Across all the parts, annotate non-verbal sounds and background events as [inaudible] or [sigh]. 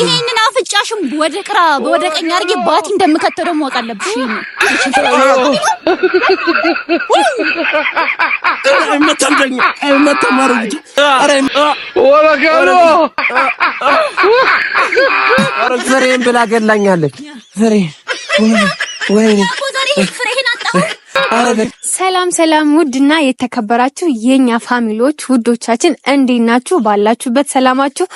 ይሄንን አፍጫሽም ወደ ቅራ ወደ ቀኝ አድርጌ ባቲ እንደምከተው ደግሞ ማወቅ ፍሬን ብላ ገላኛለች። ፍሬ ወይኔ ሰላም ሰላም፣ ውድና የተከበራችሁ የኛ ፋሚሊዎች ውዶቻችን እንዴት ናችሁ? ባላችሁበት ሰላማችሁ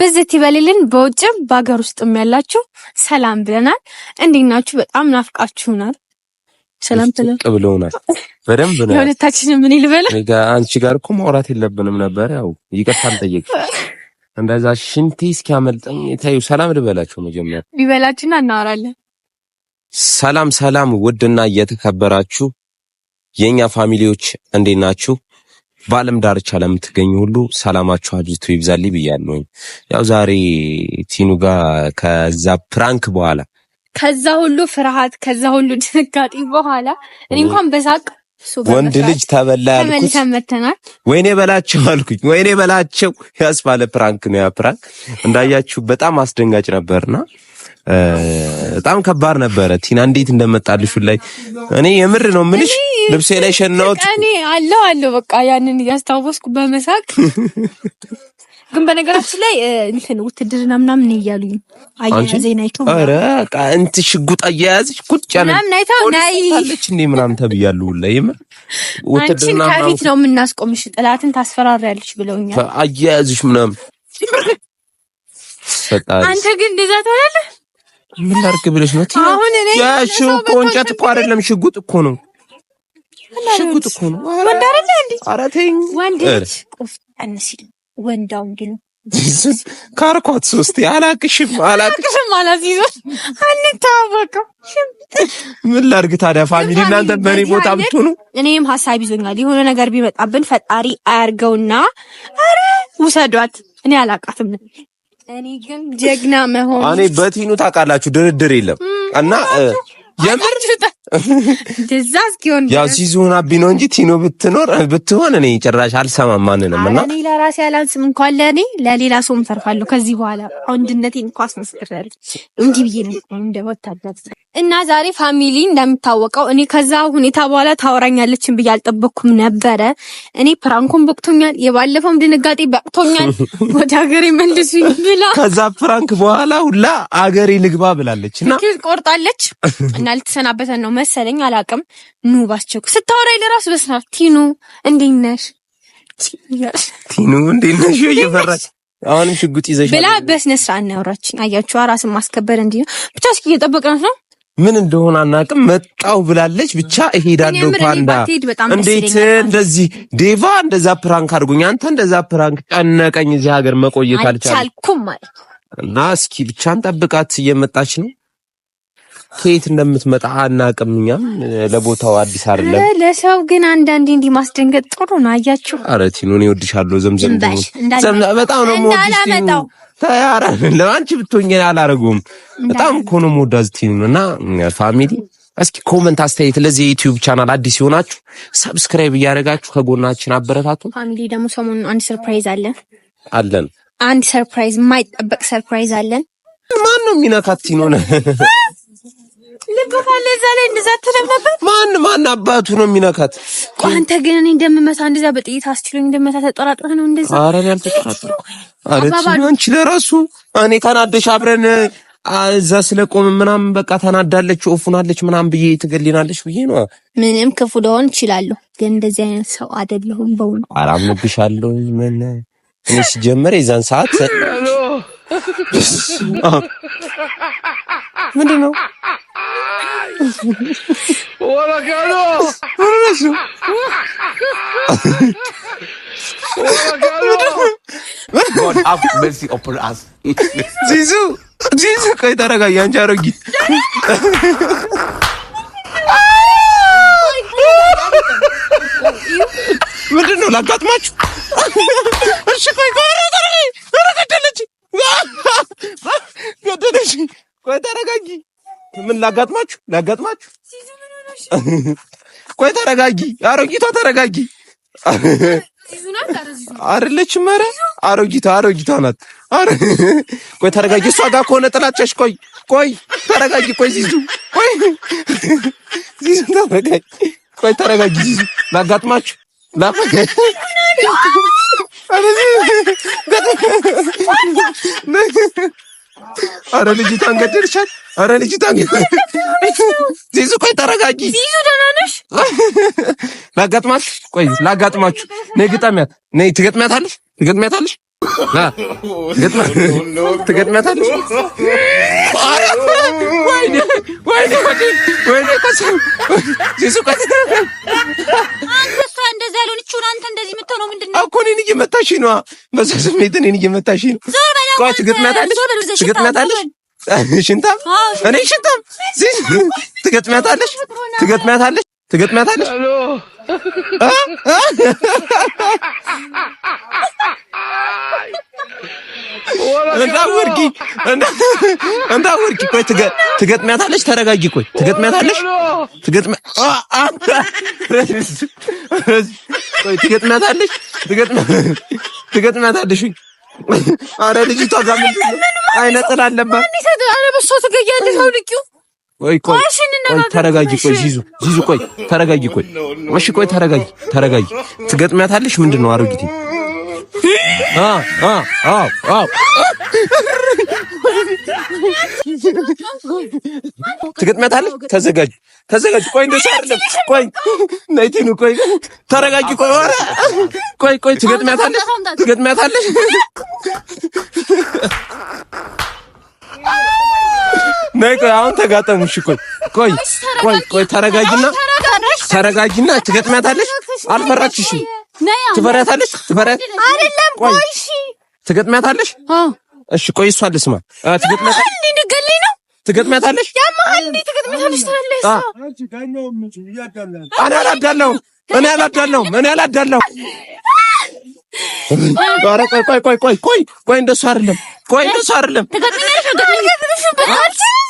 ብዝት ይበልልን። በውጭም በሀገር ውስጥም ያላችሁ ሰላም ብለናል። እንዴት ናችሁ? በጣም ናፍቃችሁናል። ሰላም ብለውናል። በደንብ ነው የሁለታችን ምን ይልበል አንቺ ጋር እኮ ማውራት የለብንም ነበር። ያው ይቅርታ አልጠየቅሽ እንደዛ ሽንቴ እስኪያመልጠኝ ታዩ። ሰላም ልበላችሁ መጀመሪያ ቢበላችሁና እናወራለን። ሰላም ሰላም፣ ውድና የተከበራችሁ የእኛ ፋሚሊዎች እንዴት ናችሁ? በዓለም ዳርቻ ለምትገኙ ሁሉ ሰላማችሁ አብዝቶ ይብዛልኝ ብያለሁኝ። ያው ዛሬ ቲኑ ጋር ከዛ ፕራንክ በኋላ ከዛ ሁሉ ፍርሃት ከዛ ሁሉ ድንጋጤ በኋላ እኔ እንኳን በሳቅ ወንድ ልጅ ተበላ ያልኩት ወይኔ በላቸው አልኩኝ። ወይኔ በላቸው ያስባለ ፕራንክ ነው ያ ፕራንክ። እንዳያችሁ በጣም አስደንጋጭ ነበርና በጣም ከባድ ነበረ። ቲና እንዴት እንደመጣልሽ ላይ እኔ የምር ነው ምንሽ ልብሴ ላይ ሸናዎች እኔ አለው አለው በቃ ያንን እያስታወስኩ በመሳቅ [laughs] ግን በነገራችን ላይ እንትን ውትድርና ምናምን እያሉኝ አየህ ዜና አይቶ ኧረ እንት ሽጉጥ አያያዝሽ ቁጭ ያለ ምናምን አይተው ናይ እንዴ ምናምን ተብያሉ ላይ የምር ውትድርና ከፊት ነው የምናስቆምሽ፣ ጥላትን ታስፈራሪያለሽ ብለውኛል። አያያዝሽ ምናምን አንተ ግን እንደዛ ትሆናለህ። ምን ላድርግ ብለሽ ነው? አሁን እኔ ያሽው ቆንጨት እኮ አይደለም ሽጉጥ እኮ ነው ሽጉጥ እኮ ነው። ወንድ አይደለ እንዴ? ኧረ ተይኝ። ወንድ ቆፍጠን ሲል ወንዳው እንዲሉ ካርኳት ሶስት አላቅሽም አላቅሽም አላዚዞት አንታወቅም። ምን ላድርግ ታዲያ ፋሚሊ፣ እናንተ በእኔ ቦታ ብትሆኑ እኔም ሀሳብ ይዞኛል። የሆነ ነገር ቢመጣብን ፈጣሪ አያርገውና፣ ኧረ ውሰዷት። እኔ አላቃትም። እኔ ግን ጀግና መሆን እኔ በቲኑ ታውቃላችሁ፣ ድርድር የለም እና የምር እንደዛ እስኪሆን ያው ሲዙን አቢ እንጂ ቲኖ ብትኖር ብትሆን እኔ ጭራሽ አልሰማም ማንንም። እና እኔ ለራሴ አላንስም እንኳን ለእኔ ለሌላ ሰውም ተርፋለሁ። ከዚህ በኋላ ወንድነቴን እንኳ አስመስክራለሁ እንዲህ ብዬ ነው እንደ ወታደር እና ዛሬ ፋሚሊ እንደምታወቀው እኔ ከዛ ሁኔታ በኋላ ታወራኛለችን ብዬ አልጠበኩም ነበረ። እኔ ፕራንኩን በቅቶኛል፣ የባለፈውም ድንጋጤ በቅቶኛል። [laughs] ወደ ሀገሬ መልሱኝ ብላ [laughs] ከዛ ፕራንክ በኋላ ሁላ አገሬ ልግባ ብላለች እና ቆርጣለች [laughs] እና ልትሰናበተን ነው መሰለኝ። አላቅም ኑ ባስቸኩ ስታወራኝ ለራሱ በስና ቲኑ እንዴት ነሽ ቲኑ እንዴት ነሽ እየፈራች አሁንም ሽጉጥ ይዘሽ ብላ በስነ ስርዓት እናውራችን። አያችኋ ራስን ማስከበር እንዲህ ብቻ እስኪ እየጠበቅናት ነው ምን እንደሆነ አናቅም። መጣው ብላለች ብቻ እሄዳለሁ። ፓንዳ እንዴት እንደዚህ ዴቫ እንደዛ ፕራንክ አድርጎኝ፣ አንተ እንደዛ ፕራንክ ጨነቀኝ። እዚህ ሀገር መቆየት አልቻልኩም እና እስኪ ብቻን ጠብቃት። እየመጣች ነው። ከየት እንደምትመጣ አናውቅም። እኛም ለቦታው አዲስ አይደለም። ለሰው ግን አንዳንዴ እንዲህ ማስደንገጥ ጥሩ ነው። አያችሁ። ኧረ ቲኑ እኔ እወድሻለሁ። ዘምዘም በጣም ነው ተያረን ለአንቺ ብትሆኝ አላረጉም። በጣም እኮ ነው የምወዳት ቲም እና ፋሚሊ። እስኪ ኮመንት አስተያየት። ለዚህ የዩቲዩብ ቻናል አዲስ የሆናችሁ ሰብስክራይብ እያደረጋችሁ ከጎናችን አበረታቱ። ፋሚሊ ደግሞ ሰሞኑን አንድ ሰርፕራይዝ አለን አለን አንድ ሰርፕራይዝ፣ የማይጠበቅ ሰርፕራይዝ አለን። ማን ነው የሚነካት ቲኖ [laughs] ልብካለ እዛ ላይ እንደዛ ትለም ነበር። ማን ማን አባቱ ነው የሚነካት? ቆይ አንተ ግን እኔ እንደምመታ እንደዛ በጥይት አስችሎኝ እንደምመታ ተጠራጥረህ ነው እንደዛ? አረ እኔ አልተጠራጠርኩም አለች። አንቺ ለራሱ እኔ ካናደሽ አብረን እዛ ስለቆም ምናምን በቃ ተናዳለች፣ ኦፉናለች ምናምን ብዬ ትገልናለች ብዬ ነው። ምንም ክፉ ልሆን እችላለሁ፣ ግን እንደዚህ አይነት ሰው አይደለሁም። በእውኑ አላምንብሻለሁ። ምን እኔ ሲጀመር የዛን ሰዓት ምንድን ነው Orakano! Orakano! Orakano! God have mercy upon us. ዚዙ ዚዙ፣ ቆይ ተረጋጋ። ያንቺ አሮጊት ምንድን ነው ላጋጥማችሁ? እሺ ቆይ ቆይ፣ ኧረ ገደለች፣ ገደለች። ቆይ ኧረ ገደለች ቆይ ተረጋጊ ምን ላጋጥማችሁ? ላጋጥማችሁ። ቆይ ተረጋጊ፣ አሮጊቷ ተረጋጊ። አይደለችም። መረ አሮጊቷ አሮጊቷ ናት። ቆይ ተረጋጊ። እሷ ጋር ከሆነ ጥላቻሽ። ቆይ ቆይ ተረጋጊ። ቆይ ዚዙ፣ ቆይ ዚዙ ተረጋጊ። ቆይ ተረጋጊ ዚዙ። ላጋጥማችሁ አረ ልጅቷን ገደልሻት። አረ ልጅ ታንጊ ዚዙ ቆይ ተረጋጊ። ዚዙ ደህና ነሽ? ላጋጥማት ቆይ ላጋጥማችሁ። ነይ ግጠሚያት። ነይ ትገጥሚያታለሽ፣ ትገጥሚያታለሽ፣ ትገጥሚያታለሽ። ወይኔ ወይኔ ዚዙ አንተ እንደዚህ ነው ሽንታም እኔ ሽንታም ትገጥሚያታለሽ ትገጥሚያታለሽ ትገጥሚያታለሽ እንዳወርቂ እንዳወርቂ ቆይ ትገጥሚያታለሽ ተረጋጊ ቆይ ትገጥሚያታለሽ ትገጥሚያታለሽ ትገጥሚያታለሽ አረ ልጅቷ ጋር ምንድን ነው አይ ነጠላ አለባት። ቆይ ቆይ ተረጋጊ። ቆይ ዚዙ ዚዙ ቆይ ተረጋጊ። ቆይ እሺ ቆይ ተረጋጊ፣ ተረጋጊ። ትገጥሚያታለሽ ምንድን ነው አሮጊቴ ትገጥመታለህ። ተዘጋጅ ተዘጋጅ። ቆይ እንደሱ አይደለም። ቆይ ናይቲኑ፣ ቆይ ተረጋጊ። ቆይ ኧረ ቆይ ቆይ፣ ትገጥመታለህ፣ ትገጥመታለህ። ነይ ቆይ፣ አሁን ተጋጠሙ። እሺ ቆይ ቆይ ቆይ ተረጋጅና ተረጋጊና፣ ተረጋጊና፣ አልፈራችሽም ትፈሪያታለሽ? ትፈሪያት አይደለም? ቆይ እሺ፣ ትገጥሚያታለሽ? አዎ፣ እሺ፣ ቆይ እሷ ልስማ። ትገጥሚያታለሽ? ትገጥሚያታለሽ? እኔ አላዳለሁም፣ እኔ አላዳለሁም፣ እኔ አላዳለሁም። ኧረ ቆይ ቆይ ቆይ ቆይ ቆይ፣ እንደሱ አይደለም፣ ቆይ እንደሱ አይደለም።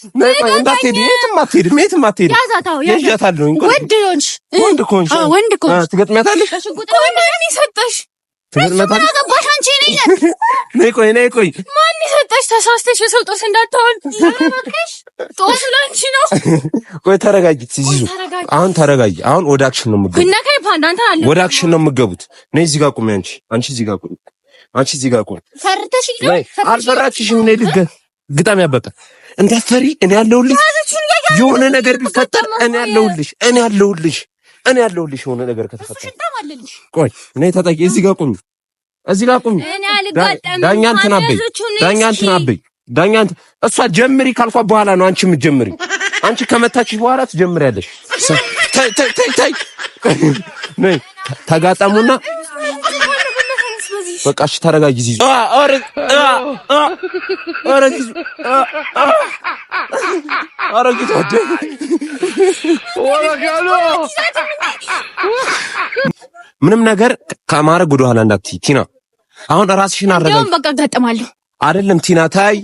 አሁን ተረጋጊ። አሁን ወደ አክሽን ነው የምገቡት። ወደ አክሽን ነው ነይ እዚህ ጋር ቁሚ። አንቺ አንቺ እዚህ ጋር ቁሚ። አንቺ እዚህ ጋር ቁሚ። ግጣም አበበ እንዳትፈሪ፣ እኔ ያለሁልሽ። የሆነ ነገር ቢፈጠር እኔ ያለሁልሽ፣ እኔ ያለሁልሽ፣ እኔ ያለሁልሽ። የሆነ ነገር ከተፈጠረ ቆይ እኔ ተጠቂ። እዚህ ጋር ቁሚ፣ እዚህ ጋር ቁሚ። ዳኛ ትናበይ፣ ዳኛን ትናበይ፣ ዳኛን እሷ ጀምሪ ካልኳ በኋላ ነው አንቺ የምትጀምሪ። አንቺ ከመታች በኋላ ትጀምሪያለሽ። ተጋጠሙና በቃ እሺ፣ ተረጋጊ ዚዙ። ምንም ነገር ከማድረግ ወደ ኋላ እንዳትዪ ቲና። አሁን ራስሽን አረጋጊ። በቃ እጋጠማለሁ። አይደለም ቲና፣ ታይ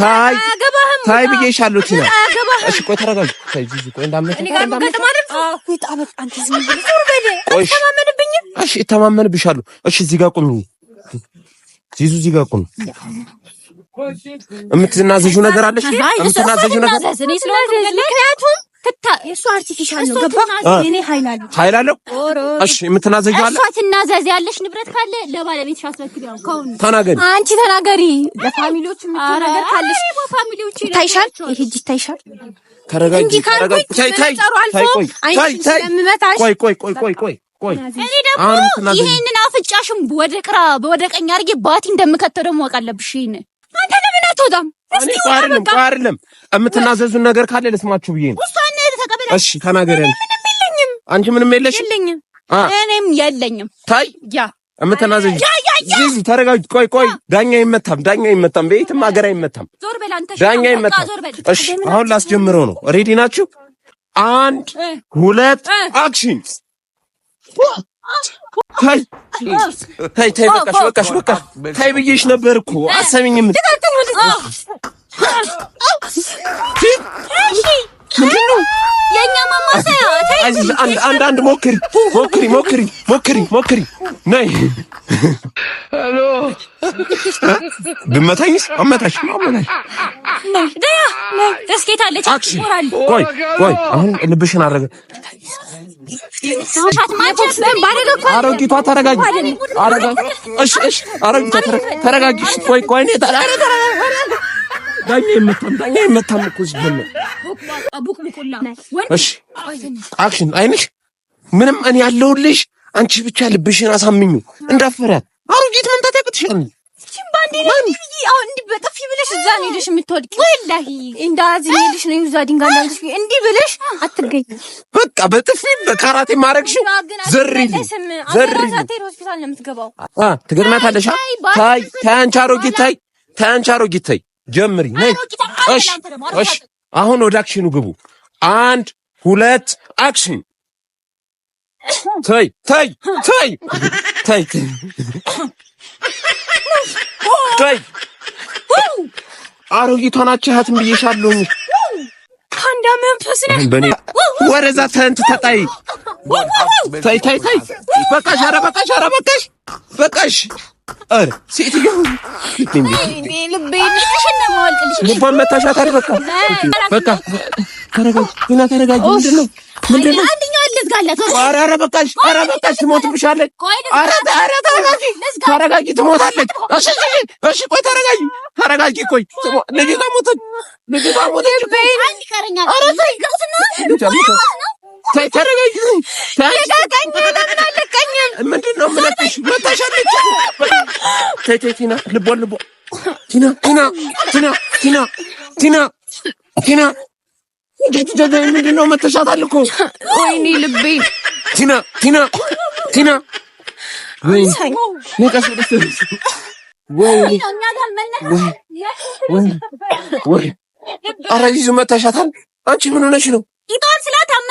ታይ ታይ ብዬሻለሁ ቲና። እሺ ቆይ ተረጋጊ። ታይ ዚዙ፣ ቆይ እንዳትመጪ። ቆይ እሺ፣ እተማመንብሻለሁ። እሺ እዚህ ጋር ቁሚ ሲሱ እዚህ እኮ ነው የምትናዘዡ ነገር አለሽ። የምትናዘዡ ነገር ምክንያቱም አርቲፊሻል ነው። ገባ እኔ ኃይል አለው እሺ የምትናዘዡ አለ እሷ ትናዘዝ ያለሽ ንብረት ካለ ለባለቤትሽ አስረክቢ። አሁን ተናገሪ፣ አንቺ ተናገሪ። ለፋሚሊዎች ነገር ካለሽ ፋሚሊዎች ይታይሻል፣ ይሄ እጅ ይታይሻል። ተረጋጊ፣ ተረጋጊ። ታይ ታይ ታይ ታይ ታይ ታይ ታይ ታይ ቆይ እኔ ደግሞ ይሄንን አፍጫሽም ወደ ቅራ ወደ ቀኝ አድርጌ ባቲ እንደምከተው ደግሞ አውቅ ይሄን አንተ ለምን አትወጣም? እስቲ ወጣ አይደለም የምትናዘዙን ነገር ካለ ልስማችሁ ብዬ ነው። እሷን ተቀበለ። እሺ ተናገሪ። ምንም የለኝም። አንቺ ምንም የለሽ? የለኝም። እኔም የለኝም። ታይ ያ እምትናዘዙ ያ ዚዙ ተረጋጅ። ቆይ ቆይ፣ ዳኛ አይመታም፣ ዳኛ አይመታም፣ በየትም ሀገር አይመታም፣ ዳኛ አይመታም። እሺ አሁን ላስጀምረው ነው። ሬዲ ናችሁ? አንድ ሁለት አክሽን ታይ ታይ በቃሽ በቃሽ በቃሽ ታይ ብዬሽ ነበር እኮ አትሰሚኝም። ምንድን ነው የእኛ ማማሰያ? አንድ አንድ ሞክሪ ሞክሪ ሞክሪ ሞክሪ ሞክሪ ነይ። ሄሎ ብመታኝስ አመታሽ አመታሽ። ደያ ተስኬታለች። አክሽን ቆይ ቆይ፣ አሁን ልብሽን አረገ። አሮጊቷ ተረጋጊ፣ እሺ እሺ፣ አሮጊቷ ተረጋጊ። ቆይ ቆይ፣ ዳኛ የመታም ዳኛ የመታም እኮ ሲጀመር አክሽን አይንሽ ምንም እኔ ያለሁልሽ። አንቺ ብቻ ልብሽን አሳምኙ እንዳፈረ አሮጊት መምታት ያቅትሻል። በጥፊ ብለሽ እዛ ነው ሄደሽ የምትወድቂው። ወላሂ እንዳዚ ሄደሽ ነው ብለሽ አትገኝ። በቃ በጥፊ በካራቴ ማረግሽ ሆስፒታል ነው የምትገባው። ታይ ታይ አንቺ አሮጊት ታይ ታይ አንቺ አሮጊት ታይ ጀምሪ ነይ። እሺ እሺ አሁን ወደ አክሽኑ ግቡ። አንድ ሁለት አክሽን። ተይ ተይ ተይ ተይ ተይ አሮጊቷ ናቸው እህትም ብዬሻለሁኝ። ፓንዳ መንፈስ ነህ። ወረዛ ተንት ተጣይ ተይ ተይ ተይ በቃሽ! ኧረ በቃሽ! ኧረ በቃሽ! በቃሽ! ልቧን መታሻት አይደል? በቃ በቃ ተረጋጊ፣ ቲና ተረጋጊ። ምንድን ነው ምንድን ነው? ኧረ በቃሽ፣ ኧረ በቃሽ፣ ትሞትብሻለች። ኧረ ኧረ ተረጋጊ፣ ተረጋጊ፣ ትሞታለች። እሺ እሺ፣ ቆይ ተረጋጊ፣ ተረጋጊ፣ ቆይ ልጅቷ ሞተች፣ ልጅቷ ሞተች። ተረጋጊ። ልቀቀኝ! ለምን አለቀኝም? ተይ ተይ፣ ቲና ምንድን ነው መተሻታል እኮ ወይኔ ልቤ። ቲና ቲና ቲና ወይኔ ነቀስ ደስ ወይ ወይ ወይ፣ ኧረ ይዙ መተሻታል። አንቺ ምን ሆነሽ ነው?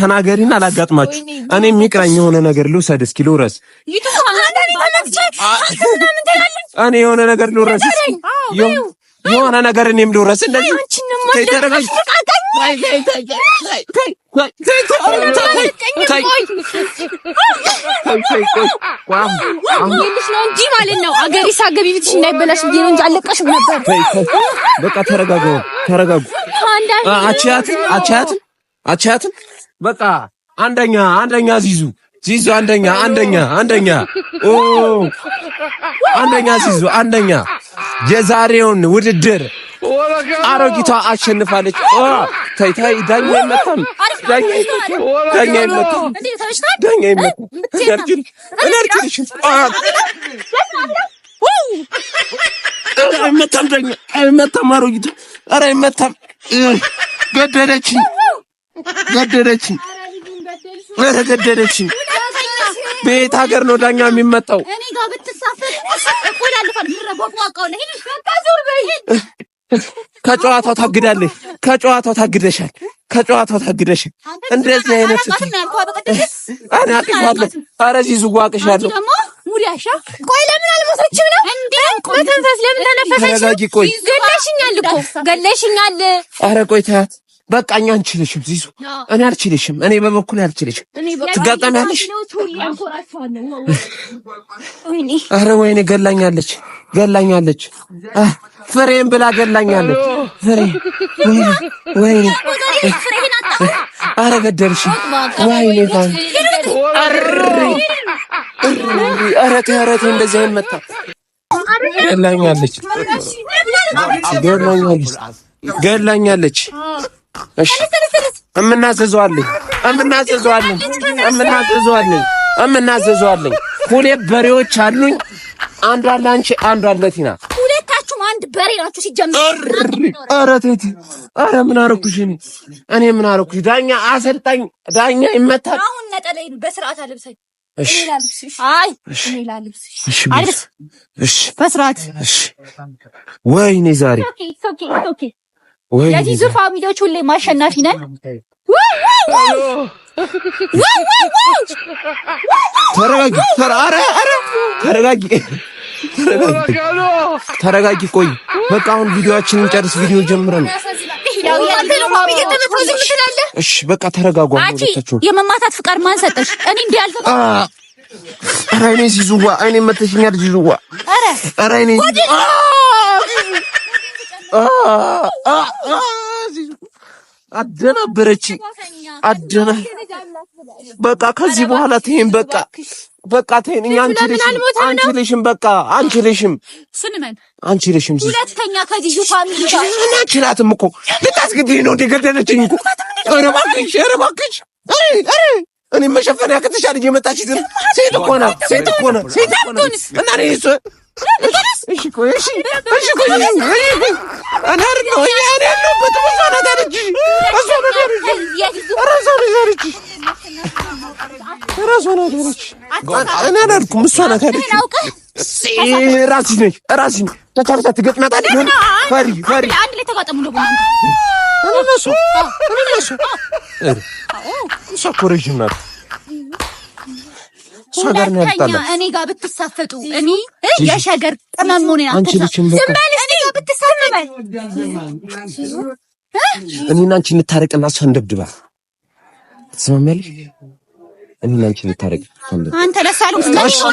ተናገሪን አላጋጥማችሁ። እኔ የሚቅረኝ የሆነ ነገር ልውሰድ፣ እስኪ ልውረስ። እኔ የሆነ ነገር ልውረስ፣ የሆነ ነገር እኔም ልውረስ። እንደዚህ ተረጋጉ፣ ተረጋጉ። አቻያት አቻያት አቻያትም በቃ አንደኛ አንደኛ ዚዙ ዚዙ አንደኛ አንደኛ አንደኛ ኦ አንደኛ ዚዙ አንደኛ የዛሬውን ውድድር አሮጊቷ አሸንፋለች። ታይ ታይ ዳኛ ይመታም ዳኛ ዳኛ ይመታም ዳኛ ይመታም ነርጂ ነርጂ አይመታም ዳኛ አይመታም አሮጊቷ ኧረ አይመታም ገደለችኝ። ገደለችኝ። ተገደለችኝ። በየት ሀገር ነው ዳኛ የሚመጣው? ከጨዋታው ታግዳለህ። ከጨዋታው ታግደሻል። ከጨዋታው ታግደሻል። እንደዚህ አይነት እኔ አቅሻለሁ። ኧረ ዚዙ አቅሻለሁ። ቆይ ለምን አልሞተችም ነው እንዴ? ቆይ ተንፈስ። ለምን ተነፈሰች? ገለሽኛል እኮ ገለሽኛል። ኧረ ቆይ ተያት በቃ እኛ አንችልሽም፣ ዚዙ እኔ አልችልሽም፣ እኔ በበኩል አልችልሽም። ትጋጠናለሽ። አረ ወይኔ ገላኛለች፣ ገላኛለች፣ ፍሬን ብላ ገላኛለች። ፍሬ ወይኔ ወይኔ፣ አረ ገደልሽ፣ ወይኔ አረ ተይ፣ አረ ተይ፣ እንደዚህ መጣ ገላኛለች፣ ገላኛለች፣ ገላኛለች እምናዘዘዋለኝ እምናዘዘዋለኝ እምናዘዘዋለኝ እምናዘዘዋለኝ ሁለት በሬዎች አሉኝ። አንዷ ለአንቺ፣ አንዷ ለቲና። ሁለታችሁም አንድ በሬ ናችሁ ሲጀምር። ኧረ ቴቴ፣ ኧረ ምን አደረኩሽ? እኔ እኔ ምን አደረኩሽ? ዳኛ አሰልጣኝ፣ ዳኛ ይመታል። አሁን ነጠለኝ በስርዓት አልብሰኝ። እሺ፣ በስርዓት እሺ። ወይኔ ዛሬ የዚህ ዙፋ ቪዲዮች ሁሌ ማሸናፊ ነን። ተረጋጊ፣ ተረጋጊ፣ ተረጋጊ። ቆይ በቃ አሁን ቪዲዮአችንን ጨርስ። ቪዲዮ ጀምረን እሺ፣ በቃ ተረጋጓ። የመማታት ፍቃድ ማን ሰጠሽ? እኔ እንዲህ አልፈ ኧረ አይኔ ሲዙዋ አይኔ መተሽኛል ሲዙዋ ኧረ አደናበረች አደና በቃ ከዚህ በኋላ ተይኝ። በቃ በቃ ተይኝ። እኛ አንቺ ልሽም አንቺ ልሽም በቃ አንቺ ልሽም ስንመን አንቺ ልሽም ሁለተኛ ከዚህ ፋሚሊ ጋር እናችላትም እኮ ልታስገድኝ ነው እንደ እንደገደለችኝ እኮ። ኧረ እባክሽ፣ ኧረ እባክሽ፣ ኧረ ኧረ እኔ መሸፈን ያከተሻል። እየመጣች ሴት እኮ ናት፣ ሴት እኮ ናት፣ ሴት እኮ ናት እና እኔ እሷ እኮ ረዥም ናት። ሸገር ነው ያጣላ። እኔ ጋር ብትሳፈጡ እኔ የሸገር ቅመም ሆነ አንቺ ልጅ እኔ ጋር እኔና አንቺ እንታረቅና እሷን ደብድባ ትስማሚያለሽ? እኔና አንቺ እንታረቅ አንተ ለሳሉ ማለት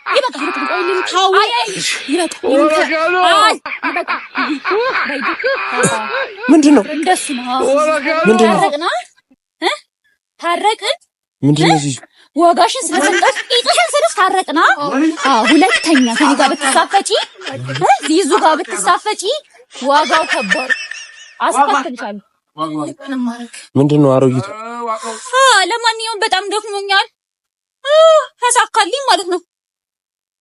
ምንድን ሁለተኛ ከዚህ ጋር ብትሳፈጪ ጋር ብትሳፈጪ ዋጋው ከባድ ምንድን ነው አሮጊቱ? ለማንኛውም በጣም ደክሞኛል። ተሳካልኝ ማለት ነው።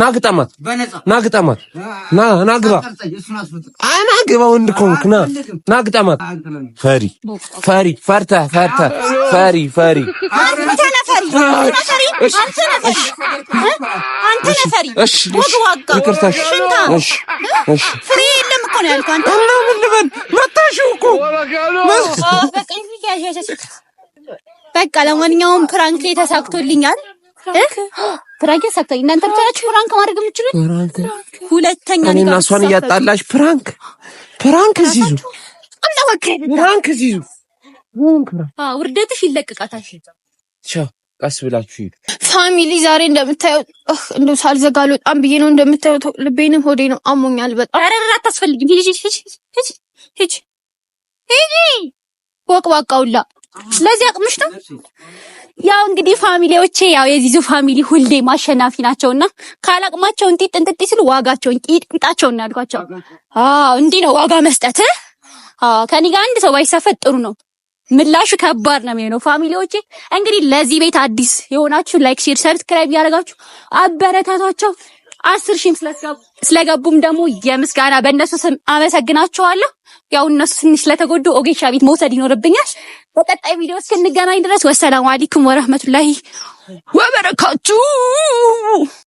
ና ግጠማት፣ ና ግጠማት፣ ወንድ ኮንክ ና ና ፈሪ ፈሪ ፈርታ ፈርታ ፈሪ ፈሪ በቃ ለማንኛውም ፕራንክ ተሳክቶልኛል። ፍራንክ ያሳክታኝ። እናንተ ብቻ ናችሁ ፍራንክ ማድረግ የምችሉት። ሁለተኛ ነው እና እሷን እያጣላሽ ፍራንክ ፍራንክ እዚህ እዚዙ ፍራንክ እዚህ እዚዙ ውርደትሽ ይለቅቃታል። ቻው ቀስ ብላችሁ ይሄ ፋሚሊ። ዛሬ እንደምታየው እንደው ሳልዘጋ አልወጣም ብዬ ነው። እንደምታየው ልቤንም ሆዴ ነው አሞኛል በጣም። ኧረ ኧረ አታስፈልግም። ሂጂ ሂጂ ሂጂ ሂጂ ሂጂ ወቅ ባቃውላ ለዚህ አቅምሽ ነው ያው እንግዲህ ፋሚሊዎቼ ያው የዚዙ ፋሚሊ ሁሌ ማሸናፊ ናቸውና ካላቅማቸው እንጢጥ እንጥጥ ሲሉ ዋጋቸውን ቂጣቸውን ያልኳቸው። አዎ እንዲህ ነው ዋጋ መስጠት። አዎ ከኔ ጋር አንድ ሰው ባይሳፈጥ ጥሩ ነው። ምላሹ ከባድ ነው የሚሆነው። ፋሚሊዎቼ እንግዲህ ለዚህ ቤት አዲስ የሆናችሁ ላይክ፣ ሼር፣ ሰብስክራይብ ያደረጋችሁ አበረታቷቸው። አስር ሺህም ስለገቡም ደግሞ የምስጋና በእነሱ ስም አመሰግናቸዋለሁ። ያው እነሱ ትንሽ ስለተጎዱ ኦጌሻ ቤት መውሰድ ይኖርብኛል። በቀጣይ ቪዲዮ እስክንገናኝ ድረስ ወሰላሙ አለይኩም ወረህመቱላሂ ወበረካቱ